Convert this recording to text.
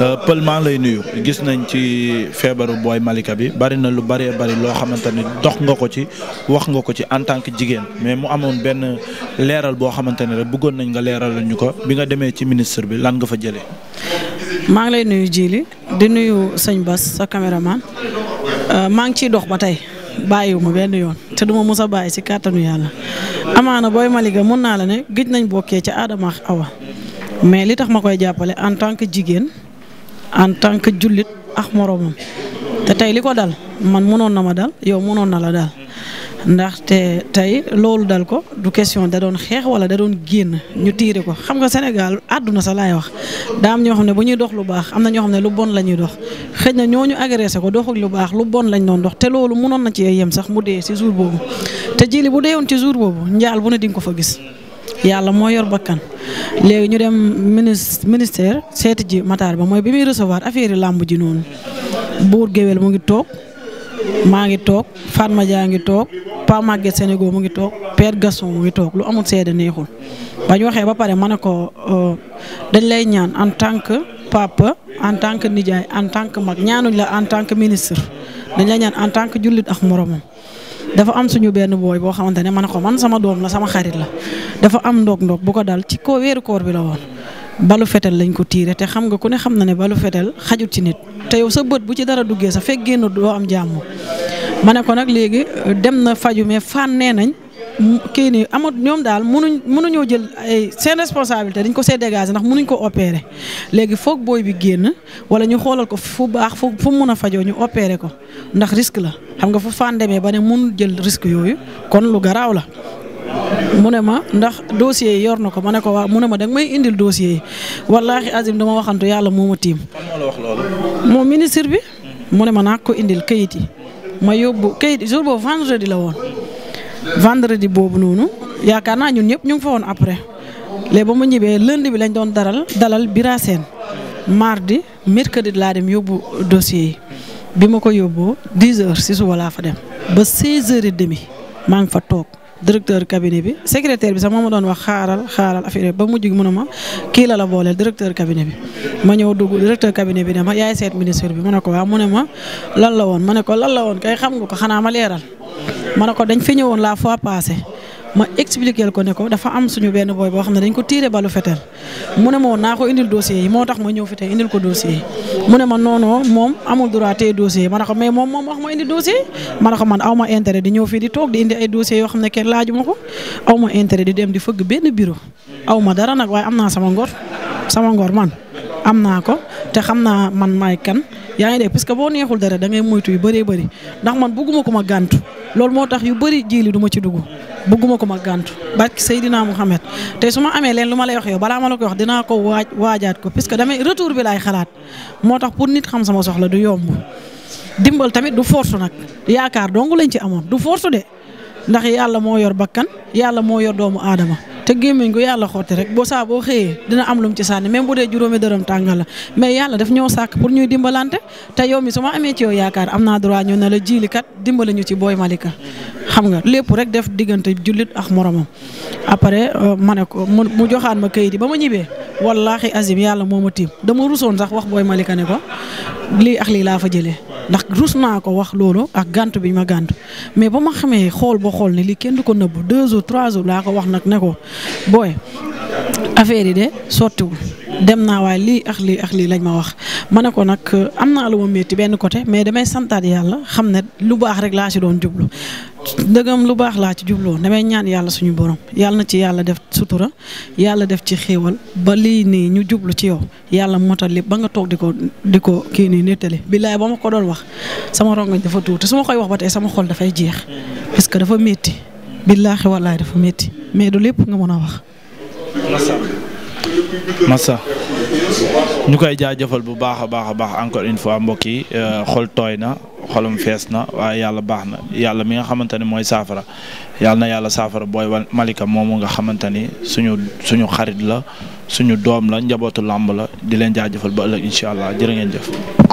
Euh, Pël maa lay nuyu gis nañ ci feebaru booy Malika bi bari na lu baree bari loo xamante ni dox nga ko ci wax nga ko ci en tant que jigéen mais mu amoon benn leeral boo xamante ne rek bëggoon nañ nga leeralal ñu ko bi nga demee ci ministre bi lan nga fa jëlee. maa ngi lay nuyu Jili di nuyu sëñ Bas sa caméraman euh, maa ngi ciy dox ba tey bàyyiwuma benn yoon te duma mës a bàyyi ci kàttanu yàlla amaana booy Malika mën naa la ne gëj nañ bokkee ci Adama Awa. mais li tax ma koy jàppale en tant que jigéen en tant que jullit ak moroomam te tey li ko dal man mënoon na ma dal yow mënoon na la dal ndaxte tey loolu dal ko du question da doon xeex wala da doon génn ñu tiire ko xam nga Sénégal àdduna sa laay wax daa am ñoo xam ne bu ñuy dox lu baax am na ñoo xam ne lu bon la ñuy dox xëj na ñooñu agressé ko doxul lu baax lu bon lañ doon dox te loolu mënoon na ci yem sax mu dee si jour boobu te jili bu deewoon ci jour boobu njaal bu ne di ko fa gis. yàlla moo yor bakkan léegi ñu dem ministre ministère seeti ji Matar Ba mooy bi muy recevoir affaire yi làmb ji noonu buur géwél mu ngi toog maa ngi toog Fatma Dia ngi toog Pa Maguette Sénégal mu ngi toog Père Gaston mu ngi toog lu amul seede neexul ba ñu waxee ba pare ma ne ko euh, dañ lay ñaan en tant que papa en tant que nijaay en tant que mag ñaanuñ la en tant que ministre dañ lay ñaan en tant que jullit ak moromam. dafa am suñu benn booy boo xamante ne man ko man sama doom la sama xarit la dafa am ndoog ndoog bu ko dal ci ko weeru koor bi la woon balu fetel lañ ko tiire te xam nga ku ne xam na ne balu fetel xajut ci nit te yow sa bët bu ci dara duggee sa fekk génn doo am jàmm ma ne ko nag léegi euh, dem na faju mais fan nee nañ kii nii amat ñoom daal munuñ munuñoo jël ay seen responsabilité dañ ko see dégager ndax munuñ ko opérer léegi foog booy bi génn wala ñu xoolal ko fu baax fu mu mun a fajoo ñu opérer ko ndax risque la. xam nga fu faan demee ba ne mun jël risque yooyu kon lu garaaw la. mu ne ma ndax dossier yi yor na ko ma ne ko waaw mu ne ma danga may indil dossier yi wallaahi azim dama waxantu yàlla moo ma tiim. moo ministre bi. mu ne ma naa ko indil kayit yi. ma yóbbu kayit jour boobu vendredi la woon. vendredi boobu noonu yaakaar naa ñun ñëpp ñu ngi fa woon après léegi ba ma ñibbee lënd bi lañ doon daral dalal Bira Sène mardi mercredi laa dem yóbbu dossier yi. bi ma ko yóbboo 10 heures si suba laa fa dem ba 16 heures et demi maa ngi fa toog directeur cabinet bi secrétaire bi sax moo ma doon wax xaaral xaaral affaire ba mujj gi mu ne ma kii la la booleel directeur cabinet bi. ma ñëw dugg directeur cabinet bi ne ma yaay seet ministre bi mu ne ko waaw mu ne ma lan la woon ma ne ko lan la woon kay xam nga ko xanaa ma leeral ma ne ko dañ fi ñëwoon la fois passée. ma expliquer ko ne ko dafa am suñu benn booy boo xam ne dañ ko tiire balu fetel mu ne ma naa ko indil dossier yi moo tax ma ñëw fi tey indil ko dossier yi mu ne ma noonoo moom amul droit tey dossier yi ma ne ko mais moom moom wax ma indi dossier yi ma ne ko man aw ma intérêt di ñëw fii di xam ne kenn laaju ma ko aw ma intérêt di dem di fëgg benn bureau aw ma dara nag waaye am naa sama ngor sama ngor man am naa ko te xam naa man maay kan yaa ngi dégg parce que boo neexul dara da moytu yu bëree bëri ndax man bugguma ko ma gàntu loolu moo tax yu bëri jiili du ci dugg bëgguma ko ma gàntu barki Seydina Mouhamed te su ma amee leen lu ma lay wax yow balaa ma la ko wax dinaa ko waaj waajaat ko que damay retour bi lay xalaat moo tax pour nit xam sama soxla du yomb dimbal tamit du force nag yaakaar dong lañ ci amoon du force de ndax yàlla moo yor bakkan yàlla moo yor doomu aadama te gémmiñ gu yàlla xotti rek boo saa xëyee dina am lum ci sànni même bu dee juróomi dërëm tàngal la mais yàlla daf ñoo sàkk pour ñuy dimbalante te yow mi su ma amee ci yow yaakaar am naa droit ñu ne la jiili kat dimbali ñu ci booy Malika xam nga lépp rek def diggante jullit ak moromam après euh, ma ne ko mu joxaat ma kayit yi ba ma ñibbee wallaahi azim yàlla moo ma tiim dama rusoon sax wax booy malika ne ko lii ak lii laa fa jëlee ndax rus naa ko wax loolu ak gàntu bi ma gàntu mais ba ma xamee xool ba xool ne lii kenn du ko nëbbu deux jours trois jours laa ko wax nag ne ko booy affaire yi de sottiwul dem naa waaye lii ak lii ak lii lañ ma wax ma ne ko nag euh, am naa la ma métti benn côté mais damay santaat yàlla xam ne lu baax rek laa si doon jublu dëggam lu baax laa ci jubloo damay ñaan yàlla suñu borom yàlla na ci yàlla def sutura yàlla def ci xéewal ba lii nii ñu jublu ci yow yàlla motal lépp ba nga toog di ko di ko kii nii nettali billaay ba ma ko doon wax sama rongañ dafa tuur te su ma koy wax ba tey sama xol dafay jeex parce que dafa métti billaahi wallaay dafa métti mais du lépp nga mën a wax. Massa Massa ñu koy jaajëfal bu baax a baax a baax encore une fois mbokk yi euh, xol tooy na. xolam fees na waaye yàlla baax na yàlla mi nga xamante ne mooy saafara yàlla na yàlla saafara booy Malika moomu nga xamante ni suñu suñu xarit la suñu doom la njabootu làmb la di leen jaajëfal ba ëllëg incha allah jërë ngeen jëf.